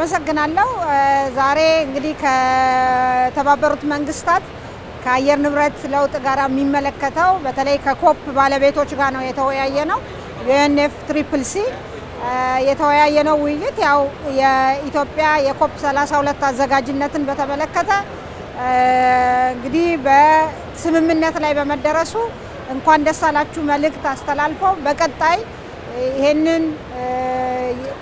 አመሰግናለሁ። ዛሬ እንግዲህ ከተባበሩት መንግስታት ከአየር ንብረት ለውጥ ጋር የሚመለከተው በተለይ ከኮፕ ባለቤቶች ጋር ነው የተወያየ ነው ዩኤንኤፍ ትሪፕል ሲ የተወያየ ነው ውይይት ያው የኢትዮጵያ የኮፕ 32 አዘጋጅነትን በተመለከተ እንግዲህ በስምምነት ላይ በመደረሱ እንኳን ደስ አላችሁ መልእክት አስተላልፈው በቀጣይ ይሄንን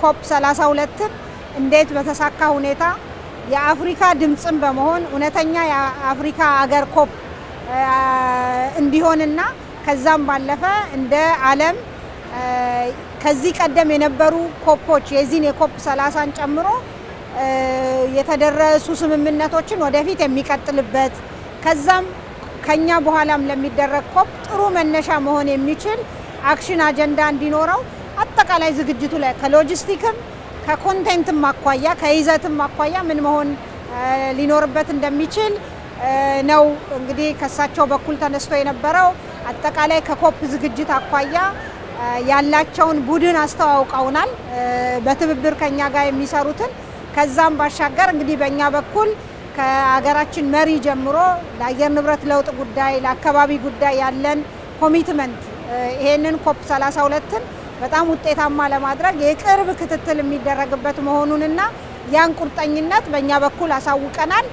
ኮፕ 32ን እንዴት በተሳካ ሁኔታ የአፍሪካ ድምፅን በመሆን እውነተኛ የአፍሪካ አገር ኮፕ እንዲሆንና ከዛም ባለፈ እንደ ዓለም ከዚህ ቀደም የነበሩ ኮፖች የዚህን የኮፕ ሰላሳን ጨምሮ የተደረሱ ስምምነቶችን ወደፊት የሚቀጥልበት ከዛም ከኛ በኋላም ለሚደረግ ኮፕ ጥሩ መነሻ መሆን የሚችል አክሽን አጀንዳ እንዲኖረው አጠቃላይ ዝግጅቱ ላይ ከሎጂስቲክም ከኮንቴንትም አኳያ ከይዘትም አኳያ ምን መሆን ሊኖርበት እንደሚችል ነው እንግዲህ ከሳቸው በኩል ተነስቶ የነበረው። አጠቃላይ ከኮፕ ዝግጅት አኳያ ያላቸውን ቡድን አስተዋውቀውናል፣ በትብብር ከኛ ጋር የሚሰሩትን። ከዛም ባሻገር እንግዲህ በእኛ በኩል ከሀገራችን መሪ ጀምሮ ለአየር ንብረት ለውጥ ጉዳይ፣ ለአካባቢ ጉዳይ ያለን ኮሚትመንት ይሄንን ኮፕ 32ን በጣም ውጤታማ ለማድረግ የቅርብ ክትትል የሚደረግበት መሆኑንና ያን ቁርጠኝነት በእኛ በኩል አሳውቀናል።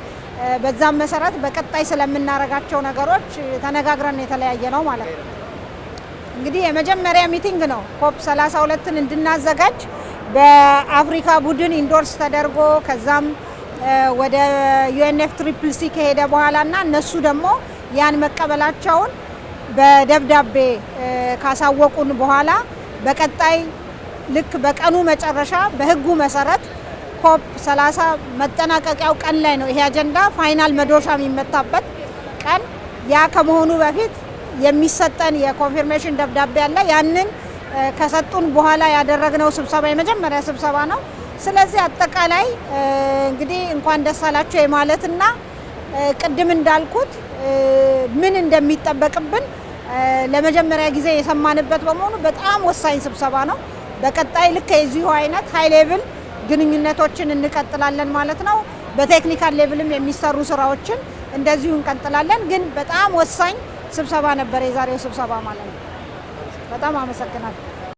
በዛም መሰረት በቀጣይ ስለምናደርጋቸው ነገሮች ተነጋግረን የተለያየ ነው ማለት ነው። እንግዲህ የመጀመሪያ ሚቲንግ ነው ኮፕ 32ን እንድናዘጋጅ በአፍሪካ ቡድን ኢንዶርስ ተደርጎ ከዛም ወደ ዩኤንኤፍ ትሪፕል ሲ ከሄደ በኋላ እና እነሱ ደግሞ ያን መቀበላቸውን በደብዳቤ ካሳወቁን በኋላ በቀጣይ ልክ በቀኑ መጨረሻ በህጉ መሰረት ኮፕ 30 መጠናቀቂያው ቀን ላይ ነው ይሄ አጀንዳ ፋይናል መዶሻ የሚመታበት ቀን። ያ ከመሆኑ በፊት የሚሰጠን የኮንፊርሜሽን ደብዳቤ አለ። ያንን ከሰጡን በኋላ ያደረግነው ስብሰባ የመጀመሪያ ስብሰባ ነው። ስለዚህ አጠቃላይ እንግዲህ እንኳን ደስ አላችሁ የማለትና ቅድም እንዳልኩት ምን እንደሚጠበቅብን ለመጀመሪያ ጊዜ የሰማንበት በመሆኑ በጣም ወሳኝ ስብሰባ ነው። በቀጣይ ልክ የዚሁ አይነት ሀይ ሌቭል ግንኙነቶችን እንቀጥላለን ማለት ነው። በቴክኒካል ሌቭልም የሚሰሩ ስራዎችን እንደዚሁ እንቀጥላለን። ግን በጣም ወሳኝ ስብሰባ ነበር የዛሬው ስብሰባ ማለት ነው። በጣም አመሰግናለሁ።